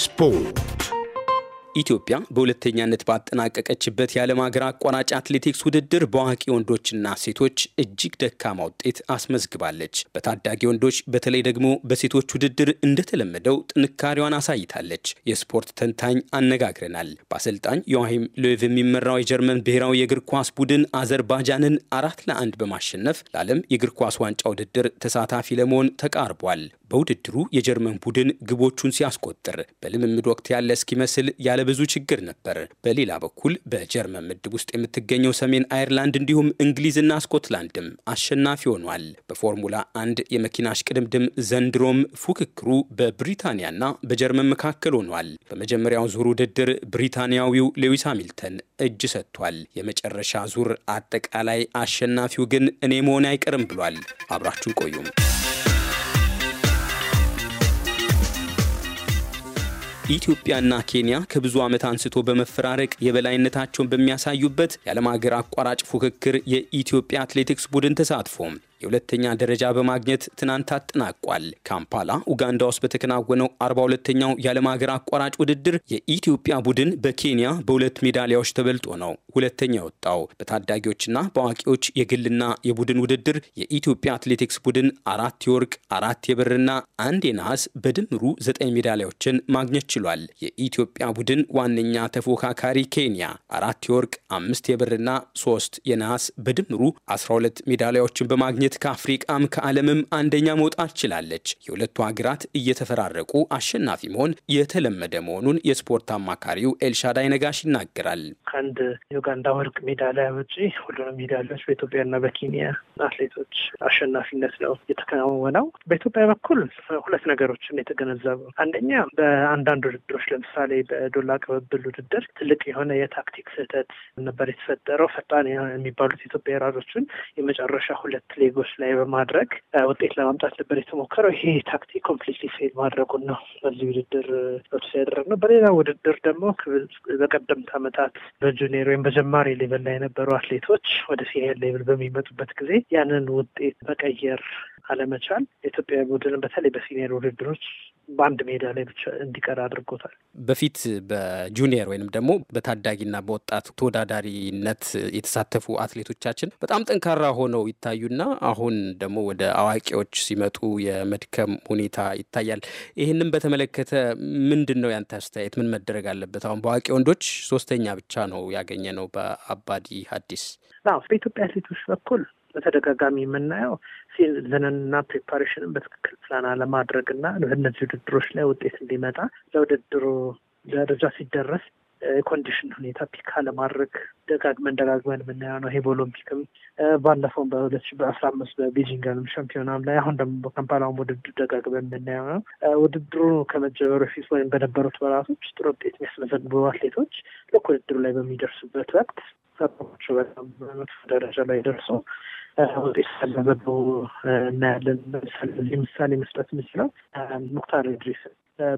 ስፖርት ኢትዮጵያ በሁለተኛነት ባጠናቀቀችበት የዓለም ሀገር አቋራጭ አትሌቲክስ ውድድር በአዋቂ ወንዶችና ሴቶች እጅግ ደካማ ውጤት አስመዝግባለች። በታዳጊ ወንዶች በተለይ ደግሞ በሴቶች ውድድር እንደተለመደው ጥንካሬዋን አሳይታለች። የስፖርት ተንታኝ አነጋግረናል። በአሰልጣኝ ዮሐይም ሎቭ የሚመራው የጀርመን ብሔራዊ የእግር ኳስ ቡድን አዘርባጃንን አራት ለአንድ በማሸነፍ ለዓለም የእግር ኳስ ዋንጫ ውድድር ተሳታፊ ለመሆን ተቃርቧል። በውድድሩ የጀርመን ቡድን ግቦቹን ሲያስቆጥር በልምምድ ወቅት ያለ እስኪመስል ያለ ብዙ ችግር ነበር። በሌላ በኩል በጀርመን ምድብ ውስጥ የምትገኘው ሰሜን አየርላንድ እንዲሁም እንግሊዝና ስኮትላንድም አሸናፊ ሆኗል። በፎርሙላ አንድ የመኪና እሽቅድምድም ዘንድሮም ፉክክሩ በብሪታንያና በጀርመን መካከል ሆኗል። በመጀመሪያው ዙር ውድድር ብሪታንያዊው ሌዊስ ሃሚልተን እጅ ሰጥቷል። የመጨረሻ ዙር አጠቃላይ አሸናፊው ግን እኔ መሆን አይቀርም ብሏል። አብራችሁን ቆዩም ኢትዮጵያና ኬንያ ከብዙ ዓመት አንስቶ በመፈራረቅ የበላይነታቸውን በሚያሳዩበት የዓለም ሀገር አቋራጭ ፉክክር የኢትዮጵያ አትሌቲክስ ቡድን ተሳትፎ የሁለተኛ ደረጃ በማግኘት ትናንት አጠናቋል። ካምፓላ ኡጋንዳ ውስጥ በተከናወነው አርባ ሁለተኛው የዓለም ሀገር አቋራጭ ውድድር የኢትዮጵያ ቡድን በኬንያ በሁለት ሜዳሊያዎች ተበልጦ ነው ሁለተኛ የወጣው። በታዳጊዎችና በአዋቂዎች የግልና የቡድን ውድድር የኢትዮጵያ አትሌቲክስ ቡድን አራት የወርቅ አራት የብርና አንድ የነሐስ በድምሩ ዘጠኝ ሜዳሊያዎችን ማግኘት ችሏል። የኢትዮጵያ ቡድን ዋነኛ ተፎካካሪ ኬንያ አራት የወርቅ አምስት የብርና ሶስት የነሐስ በድምሩ 12 ሜዳሊያዎችን በማግኘት ሂደት ከአፍሪቃም ከዓለምም አንደኛ መውጣት ችላለች። የሁለቱ ሀገራት እየተፈራረቁ አሸናፊ መሆን የተለመደ መሆኑን የስፖርት አማካሪው ኤልሻዳይ ነጋሽ ይናገራል። ከአንድ የኡጋንዳ ወርቅ ሜዳሊያ ውጪ ሁሉንም ሜዳሊያዎች በኢትዮጵያና በኬንያ አትሌቶች አሸናፊነት ነው የተከናወነው። በኢትዮጵያ በኩል ሁለት ነገሮችን የተገነዘቡ፣ አንደኛ በአንዳንድ ውድድሮች ለምሳሌ በዶላ ቅብብል ውድድር ትልቅ የሆነ የታክቲክ ስህተት ነበር የተፈጠረው። ፈጣን የሚባሉት ኢትዮጵያ ሯጮችን የመጨረሻ ሁለት ሌጎ ዜጎች ላይ በማድረግ ውጤት ለማምጣት ነበር የተሞከረው። ይሄ ታክቲክ ኮምፕሊትሊ ፌል ማድረጉን ነው በዚህ ውድድር ቶስ ነው። በሌላ ውድድር ደግሞ በቀደምት አመታት በጁኒየር ወይም በጀማሪ ሌቨል ላይ የነበሩ አትሌቶች ወደ ሲኒየር ሌቨል በሚመጡበት ጊዜ ያንን ውጤት መቀየር አለመቻል የኢትዮጵያ ቡድን በተለይ በሲኒየር ውድድሮች በአንድ ሜዳ ላይ ብቻ እንዲቀር አድርጎታል። በፊት በጁኒየር ወይንም ደግሞ በታዳጊና በወጣት ተወዳዳሪነት የተሳተፉ አትሌቶቻችን በጣም ጠንካራ ሆነው ይታዩና አሁን ደግሞ ወደ አዋቂዎች ሲመጡ የመድከም ሁኔታ ይታያል። ይህንም በተመለከተ ምንድን ነው ያንተ አስተያየት? ምን መደረግ አለበት? አሁን በአዋቂ ወንዶች ሶስተኛ ብቻ ነው ያገኘ ነው በአባዲ ሀዲስ በኢትዮጵያ አትሌቶች በኩል በተደጋጋሚ የምናየው ሲዝንንና ፕሪፓሬሽንን በትክክል ፕላና ለማድረግ እና በእነዚህ ውድድሮች ላይ ውጤት እንዲመጣ ለውድድሩ ደረጃ ሲደረስ የኮንዲሽን ሁኔታ ፒካ ለማድረግ ደጋግመን ደጋግመን የምናየው ነው። ይሄ በኦሎምፒክም ባለፈውም በሁለት ሺህ በአስራ አምስት በቤጂንግ ሻምፒዮናም ላይ አሁን ደግሞ በካምፓላውም ውድድር ደጋግመን የምናየው ነው። ውድድሩ ከመጀመሩ በፊት ወይም በነበሩት ወራቶች ጥሩ ውጤት የሚያስመዘግቡ አትሌቶች ልክ ውድድሩ ላይ በሚደርሱበት ወቅት ሰዎች በጣም ደረጃ ላይ ደርሶ ውጤት ያለመበው እናያለን። ለምሳሌ ምሳሌ መስጠት የምችለው ሙክታር ኢድሪስ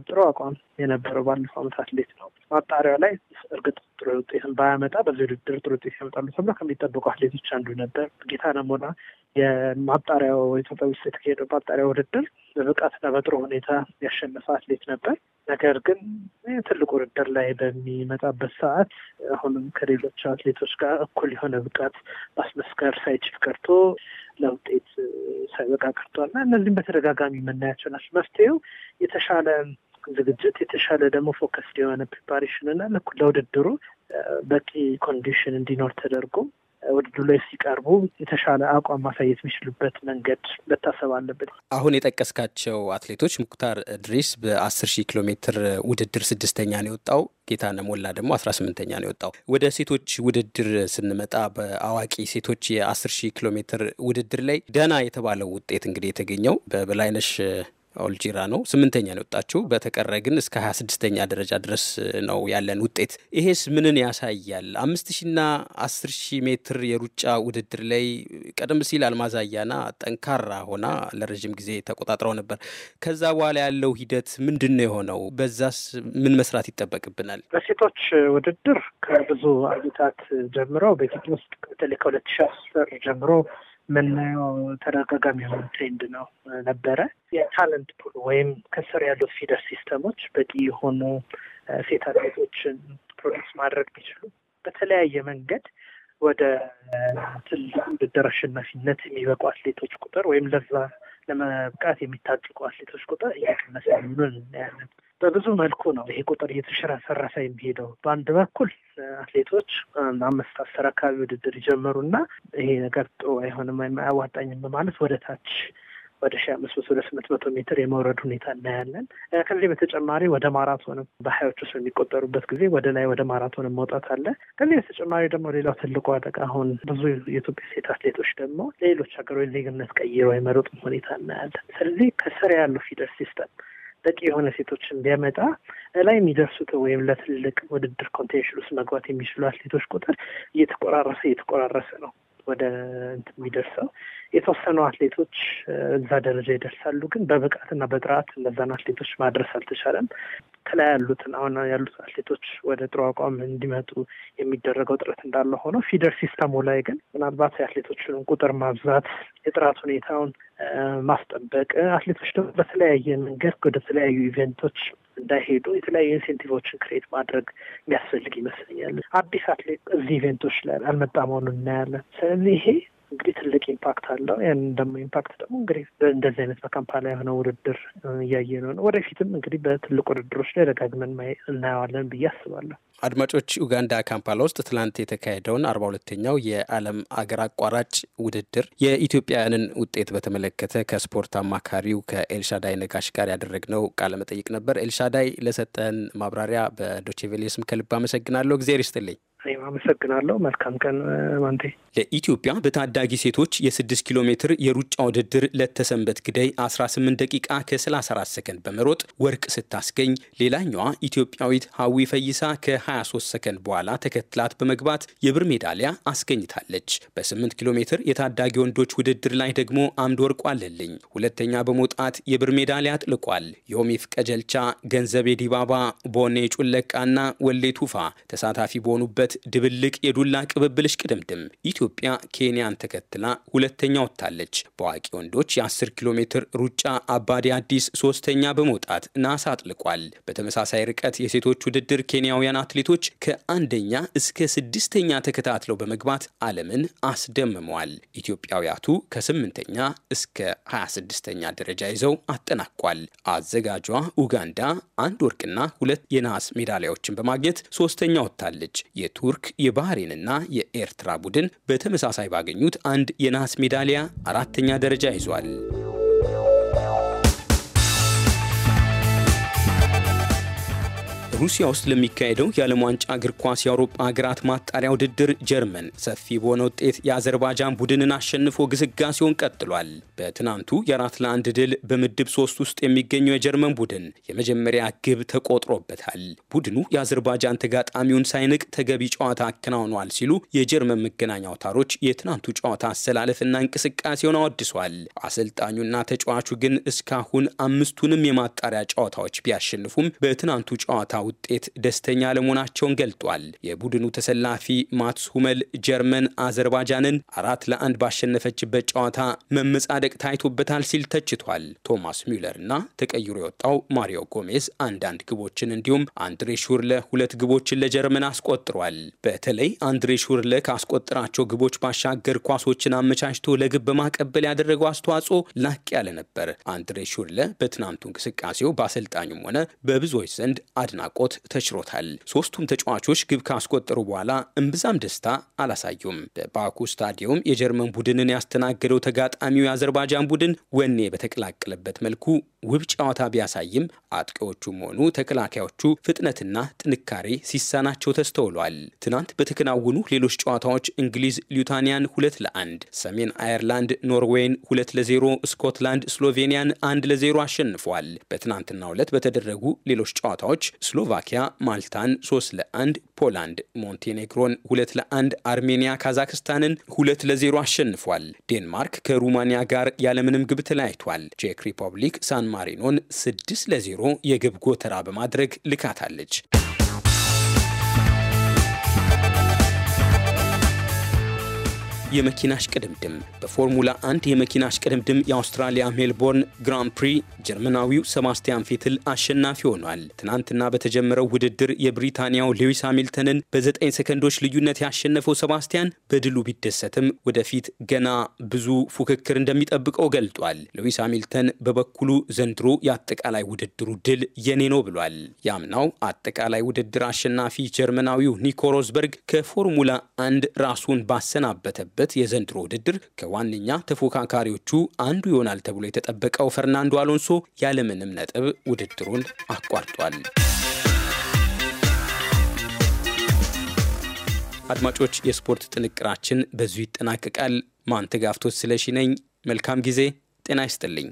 ጥሩ አቋም የነበረው ባለፈው ዓመት አትሌት ነው። ማጣሪያው ላይ እርግጥ ጥሩ ውጤትን ባያመጣ በዚህ ውድድር ጥሩ ውጤት ያመጣሉ ተብሎ ከሚጠበቁ አትሌቶች አንዱ ነበር። ጌታ ነሞና የማጣሪያው ኢትዮጵያ ውስጥ የተካሄደው ማጣሪያ ውድድር በብቃትና በጥሩ ሁኔታ ያሸነፈ አትሌት ነበር። ነገር ግን ትልቅ ውድድር ላይ በሚመጣበት ሰዓት አሁንም ከሌሎች አትሌቶች ጋር እኩል የሆነ ብቃት ማስመስከር ሳይችል ቀርቶ ለውጤት ሳይበቃ ቀርቷልና እነዚህም በተደጋጋሚ የምናያቸው ናቸው። መፍትሄው የተሻለ ዝግጅት የተሻለ ደግሞ ፎከስድ የሆነ ፕሪፓሬሽን እና ለውድድሩ በቂ ኮንዲሽን እንዲኖር ተደርጎ ውድድሩ ላይ ሲቀርቡ የተሻለ አቋም ማሳየት የሚችሉበት መንገድ መታሰብ አለበት። አሁን የጠቀስካቸው አትሌቶች ሙክታር እድሪስ በአስር ሺህ ኪሎ ሜትር ውድድር ስድስተኛ ነው የወጣው። ጌታነህ ሞላ ደግሞ አስራ ስምንተኛ ነው የወጣው። ወደ ሴቶች ውድድር ስንመጣ በአዋቂ ሴቶች የአስር ሺህ ኪሎ ሜትር ውድድር ላይ ደህና የተባለው ውጤት እንግዲህ የተገኘው በበላይነሽ አልጂራ ነው ስምንተኛ ነው የወጣችው። በተቀረ ግን እስከ ሀያ ስድስተኛ ደረጃ ድረስ ነው ያለን ውጤት። ይሄስ ምንን ያሳያል? አምስት ሺና አስር ሺ ሜትር የሩጫ ውድድር ላይ ቀደም ሲል አልማዝ አያና ጠንካራ ሆና ለረዥም ጊዜ ተቆጣጥረው ነበር። ከዛ በኋላ ያለው ሂደት ምንድን ነው የሆነው? በዛስ ምን መስራት ይጠበቅብናል? በሴቶች ውድድር ከብዙ አመታት ጀምሮ በኢትዮጵያ ውስጥ በተለይ ከሁለት ሺ አስር ጀምሮ የምናየው ተደጋጋሚ የሆነ ትሬንድ ነው ነበረ። የታለንት ፑል ወይም ከስር ያሉት ፊደር ሲስተሞች በቂ የሆኑ ሴት አትሌቶችን ፕሮዲስ ማድረግ ቢችሉ በተለያየ መንገድ ወደ ትልቅ ውድድር አሸናፊነት የሚበቁ አትሌቶች ቁጥር ወይም ለዛ ለመብቃት የሚታጭቁ አትሌቶች ቁጥር እየቀነሰ መሆኑን እናያለን። በብዙ መልኩ ነው ይሄ ቁጥር እየተሸረሰረሰ የሚሄደው። በአንድ በኩል አትሌቶች አምስት አስር አካባቢ ውድድር ይጀምሩና ይሄ ነገር ጥሩ አይሆንም ወይም አያዋጣኝም በማለት ወደ ታች ወደ ሺ አምስት መቶ ወደ ስምንት መቶ ሜትር የመውረድ ሁኔታ እናያለን። ከዚህ በተጨማሪ ወደ ማራቶንም በሀያዎች ውስጥ የሚቆጠሩበት ጊዜ ወደ ላይ ወደ ማራቶንም መውጣት አለ። ከዚህ በተጨማሪ ደግሞ ሌላው ትልቁ አደጋ አሁን ብዙ የኢትዮጵያ ሴት አትሌቶች ደግሞ ሌሎች ሀገሮች ዜግነት ቀይረው የመረጡም ሁኔታ እናያለን። ስለዚህ ከስር ያለው ፊደር ሲስተም በቂ የሆነ ሴቶችን ቢያመጣ ላይ የሚደርሱት ወይም ለትልቅ ውድድር ኮንቴንሽን ውስጥ መግባት የሚችሉ አትሌቶች ቁጥር እየተቆራረሰ እየተቆራረሰ ነው ወደ እንትን የሚደርሰው የተወሰኑ አትሌቶች እዛ ደረጃ ይደርሳሉ፣ ግን በብቃትና በጥራት እነዛን አትሌቶች ማድረስ አልተቻለም። ከላይ ያሉትን አሁን ያሉት አትሌቶች ወደ ጥሩ አቋም እንዲመጡ የሚደረገው ጥረት እንዳለ ሆኖ ፊደር ሲስተሙ ላይ ግን ምናልባት የአትሌቶችን ቁጥር ማብዛት፣ የጥራት ሁኔታውን ማስጠበቅ፣ አትሌቶች ደግሞ በተለያየ መንገድ ወደ ተለያዩ ኢቨንቶች እንዳይሄዱ የተለያዩ ኢንሴንቲቮችን ክሬት ማድረግ የሚያስፈልግ ይመስለኛል። አዲስ አትሌት እዚህ ኢቨንቶች ላይ አልመጣ መሆኑን እናያለን። ስለዚህ ይሄ እንግዲህ ትልቅ ኢምፓክት አለው። ያን ደግሞ ኢምፓክት ደግሞ እንግዲህ እንደዚህ አይነት በካምፓላ የሆነ ውድድር እያየ ነው ነው ወደፊትም እንግዲህ በትልቅ ውድድሮች ላይ ደጋግመን እናየዋለን ብዬ አስባለሁ። አድማጮች፣ ኡጋንዳ ካምፓላ ውስጥ ትላንት የተካሄደውን አርባ ሁለተኛው የዓለም አገር አቋራጭ ውድድር የኢትዮጵያውያንን ውጤት በተመለከተ ከስፖርት አማካሪው ከኤልሻዳይ ነጋሽ ጋር ያደረግነው ቃለመጠይቅ ነበር። ኤልሻዳይ፣ ለሰጠን ማብራሪያ በዶቼቬሌ ስም ከልብ አመሰግናለሁ። እግዜር ይስጥልኝ። እኔም አመሰግናለሁ። መልካም ቀን ማንቴ። ለኢትዮጵያ በታዳጊ ሴቶች የስድስት ኪሎ ሜትር የሩጫ ውድድር ለተሰንበት ግዳይ 18 ደቂቃ ከ34 ሰከንድ በመሮጥ ወርቅ ስታስገኝ ሌላኛዋ ኢትዮጵያዊት ሀዊ ፈይሳ ከ23 ሰከንድ በኋላ ተከትላት በመግባት የብር ሜዳሊያ አስገኝታለች። በ8 ኪሎ ሜትር የታዳጊ ወንዶች ውድድር ላይ ደግሞ አምድ ወርቁ አለልኝ ሁለተኛ በመውጣት የብር ሜዳሊያ አጥልቋል። ዮሚፍ ቀጀልቻ፣ ገንዘቤ ዲባባ፣ ቦኔ ጩለቃና ወሌ ቱፋ ተሳታፊ በሆኑበት ድብልቅ የዱላ ቅብብልሽ ቅድምድም ኢትዮጵያ ኬንያን ተከትላ ሁለተኛ ወጥታለች። በአዋቂ ወንዶች የ10 ኪሎ ሜትር ሩጫ አባዲ አዲስ ሶስተኛ በመውጣት ናስ አጥልቋል። በተመሳሳይ ርቀት የሴቶች ውድድር ኬንያውያን አትሌቶች ከአንደኛ እስከ ስድስተኛ ተከታትለው በመግባት ዓለምን አስደምመዋል። ኢትዮጵያውያቱ ከስምንተኛ እስከ 26ኛ ደረጃ ይዘው አጠናቋል። አዘጋጇ ኡጋንዳ አንድ ወርቅና ሁለት የናስ ሜዳሊያዎችን በማግኘት ሶስተኛ ወጥታለች። የቱ ቱርክ የባህሬንና የኤርትራ ቡድን በተመሳሳይ ባገኙት አንድ የነሐስ ሜዳሊያ አራተኛ ደረጃ ይዟል። ሩሲያ ውስጥ ለሚካሄደው የዓለም ዋንጫ እግር ኳስ የአውሮፓ ሀገራት ማጣሪያ ውድድር ጀርመን ሰፊ በሆነ ውጤት የአዘርባጃን ቡድንን አሸንፎ ግስጋሴውን ቀጥሏል። በትናንቱ የአራት ለአንድ ድል በምድብ ሶስት ውስጥ የሚገኘው የጀርመን ቡድን የመጀመሪያ ግብ ተቆጥሮበታል። ቡድኑ የአዘርባጃን ተጋጣሚውን ሳይንቅ ተገቢ ጨዋታ አከናውኗል ሲሉ የጀርመን መገናኛ አውታሮች የትናንቱ ጨዋታ አሰላለፍና እንቅስቃሴውን አወድሷል። አሰልጣኙና ተጫዋቹ ግን እስካሁን አምስቱንም የማጣሪያ ጨዋታዎች ቢያሸንፉም በትናንቱ ጨዋታ ውጤት ደስተኛ ለመሆናቸውን ገልጧል። የቡድኑ ተሰላፊ ማትስ ሁመል ጀርመን አዘርባይጃንን አራት ለአንድ ባሸነፈችበት ጨዋታ መመጻደቅ ታይቶበታል ሲል ተችቷል። ቶማስ ሚለር እና ተቀይሮ የወጣው ማሪዮ ጎሜዝ አንዳንድ ግቦችን እንዲሁም አንድሬ ሹርለ ሁለት ግቦችን ለጀርመን አስቆጥሯል። በተለይ አንድሬ ሹርለ ካስቆጠራቸው ግቦች ባሻገር ኳሶችን አመቻችቶ ለግብ በማቀበል ያደረገው አስተዋጽኦ ላቅ ያለ ነበር። አንድሬ ሹርለ በትናንቱ እንቅስቃሴው በአሰልጣኙም ሆነ በብዙዎች ዘንድ አድናቆ ማራቆት ተችሎታል። ሶስቱም ተጫዋቾች ግብ ካስቆጠሩ በኋላ እምብዛም ደስታ አላሳዩም። በባኩ ስታዲየም የጀርመን ቡድንን ያስተናገደው ተጋጣሚው የአዘርባይጃን ቡድን ወኔ በተቀላቀለበት መልኩ ውብ ጨዋታ ቢያሳይም አጥቂዎቹም ሆኑ ተከላካዮቹ ፍጥነትና ጥንካሬ ሲሳናቸው ተስተውሏል። ትናንት በተከናወኑ ሌሎች ጨዋታዎች እንግሊዝ ሊቱዋኒያን ሁለት ለአንድ፣ ሰሜን አየርላንድ ኖርዌይን ሁለት ለዜሮ፣ ስኮትላንድ ስሎቬኒያን አንድ ለዜሮ አሸንፏል። በትናንትናው ዕለት በተደረጉ ሌሎች ጨዋታዎች ስሎ ስሎቫኪያ ማልታን 3 ለ1፣ ፖላንድ ሞንቴኔግሮን 2 ለ1፣ አርሜኒያ ካዛክስታንን 2 ለ0 አሸንፏል። ዴንማርክ ከሩማኒያ ጋር ያለምንም ግብ ተለያይቷል። ቼክ ሪፐብሊክ ሳን ማሪኖን 6 ለ0 የግብ ጎተራ በማድረግ ልካታለች። የመኪና እሽቅድምድም በፎርሙላ አንድ የመኪና እሽቅድምድም የአውስትራሊያ ሜልቦርን ግራን ፕሪ ጀርመናዊው ሰባስቲያን ፌትል አሸናፊ ሆኗል። ትናንትና በተጀመረው ውድድር የብሪታንያው ሌዊስ ሃሚልተንን በዘጠኝ ሰከንዶች ልዩነት ያሸነፈው ሰባስቲያን በድሉ ቢደሰትም ወደፊት ገና ብዙ ፉክክር እንደሚጠብቀው ገልጧል። ሌዊስ ሃሚልተን በበኩሉ ዘንድሮ የአጠቃላይ ውድድሩ ድል የኔ ነው ብሏል። ያምናው አጠቃላይ ውድድር አሸናፊ ጀርመናዊው ኒኮ ሮዝበርግ ከፎርሙላ አንድ ራሱን ባሰናበተበት በተካሄደበት የዘንድሮ ውድድር ከዋነኛ ተፎካካሪዎቹ አንዱ ይሆናል ተብሎ የተጠበቀው ፈርናንዶ አሎንሶ ያለምንም ነጥብ ውድድሩን አቋርጧል። አድማጮች፣ የስፖርት ጥንቅራችን በዙ ይጠናቀቃል። ማንተጋፍቶት ስለሺ ነኝ። መልካም ጊዜ። ጤና ይስጥልኝ።